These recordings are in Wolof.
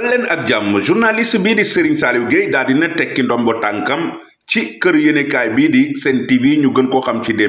leen ak jàmm journaliste bii di Serigne Saliou Gueye daal dina tekki ndombo tànkam ci kër yéenekaay bii di Sen TV ñu gën koo xam ci d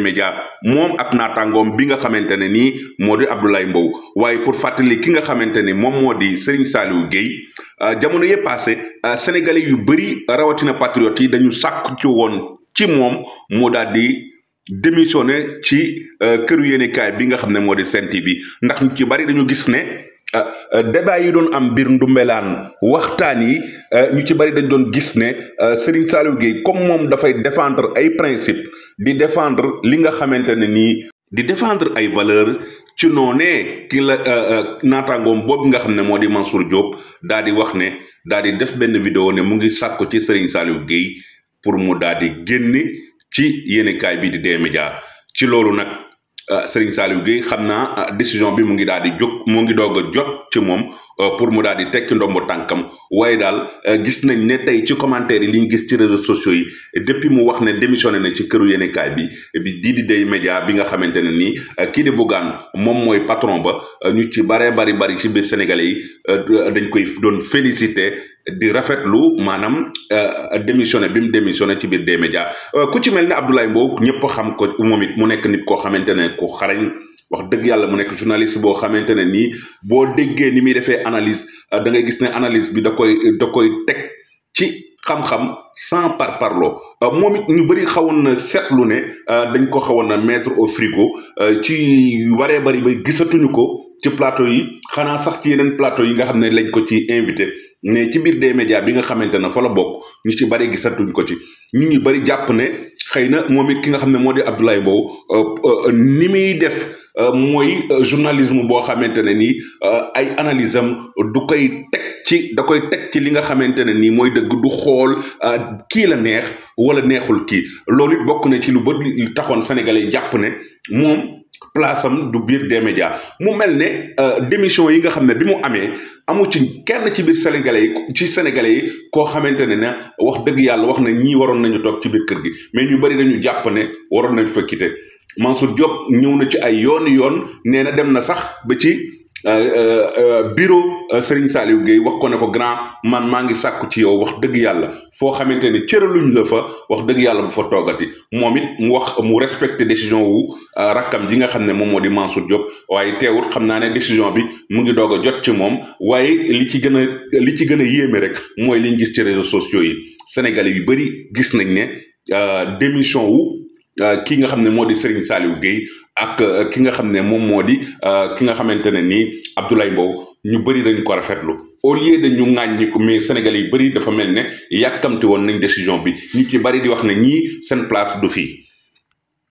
moom ak naataangoom bi nga xamante ne nii moo di Abdoulaye Mbow waaye pour fàttali ki nga xamante ni moom moo di Serigne Saliou Gueye euh, jamono yee passé euh, sénégalais yu bëri rawatina patriotes yi dañu sàkk ci woon ci moom moo daal di démissionné ci euh, këru yéenekaay bi nga xam ne moo di Sen TV ndax ñu ci bari dañu gis ne Ah, ah, débat yi doon am biir ndumbelaan waxtaan yi ah, ñu ci bari dañ doon gis ne Serigne Saliou Gueye comme moom dafay defendre ay principe di defendre li nga xamante ne nii di defendre ay valeur ci noonee ki la naataangoom boobu nga xam ne moo di Mansour Diop daal di wax ne daal di def benn vidéo ne mu ngi sàkku ci Serigne Saliou Gueye pour mu daal di génn ci yéenekaay bi di D-Media ci loolu nag Euh, Serigne Saliou Gueye xam naa euh, décision bi mu ngi daal di jóg mu ngi doog a jot ci moom euh, pour mu daal di tekki ndomb tànkam waaye daal gis nañ ne tey ci commentaire yi li ñu gis ci réseaux sociaux yi depuis mu wax ne démissionné na ci këru yéenekaay bi bi di di day média bi nga xamante ne nii kii di Bougane moom mooy patron ba ñu ci baree bari bari ci bi Sénégalais yi dañ koy doon félicité di rafetlu maanaam euh, démissionné bi mu démissionné ci biir des média euh, ku ci mel ne Abdoulaye Mbow ñëpp xam ko moom it mu nekk nit koo xamante ne ku xarañ wax dëgg yàlla mu nekk journaliste boo xamante ne nii boo déggee ni muy defee analyse euh, da ngay gis ne analise bi da koy da koy teg ci xam-xam sans par parloo moom it ñu bëri xawoon na seetlu ne dañ ko xawoon na mettre au frigo ci waree bari ba gisatuñu ko. ci plateau yi xanaa sax ci yeneen plateau yi nga xam ne lañ ko ci invité mais ci biir de médias bi nga xamante ne fa bokk ñu ci bëri gisatuñ ko ci ñu ñu bëri jàpp ne xëy na moom it ki nga xam ne moo di Abdoulaye Mbow euh, euh, ni muy def Euh, mooy euh, journalisme boo xamante ne nii euh, ay analyse am du koy teg ci da koy teg ci li nga xamante ne nii mooy dëgg du xool kii la neex wala neexul kii loolu it bokk na ci lu bët li taxoon yi jàpp ne moom place am du biir des médias mu mel ne démission yi nga xam ne bi mu amee amu ci kenn ci biir sénégalais yi ci sénégalais yi koo xamante ne na wax dëgg yàlla wax na ñii waroon nañu toog ci biir kër gi mais ñu bëri dañu jàpp ne waroon nañu fa quitter Mansour Diop ñëw na ci ay yooni yoon nee na dem na sax ba ci euh, euh, euh, bureau Serigne Saliou géey wax ko ne ko grand man maa ngi sàkku ci yow wax dëgg yàlla foo xamante ne cëraluñ la fa wax dëgg yàlla bu fa toogati moom it mu wax mu respecté décision wu rakkam ji nga xam ne moom moo di Mansour Diop waaye teewut xam naa ne décision bi mu ngi doog a jot ci moom waaye li ci gën a li ci gën a yéeme rek mooy liñ gis ci réseaux sociaux yi sénégalais yu bari gis nañ ne démission Euh, ki nga xam ne moo di Serigne Saliou Gueye ak euh, ki nga xam ne moom moo di euh, ki nga xamante ne nii Abdoulaye Mbow ñu bëri dañ ko rafetlu au lieu de ñu ŋàññi ko mais Sénégal yi bëri dafa mel ne yàkkamti woon nañ décision bi ñu ci bari di wax ne ñii seen place du fii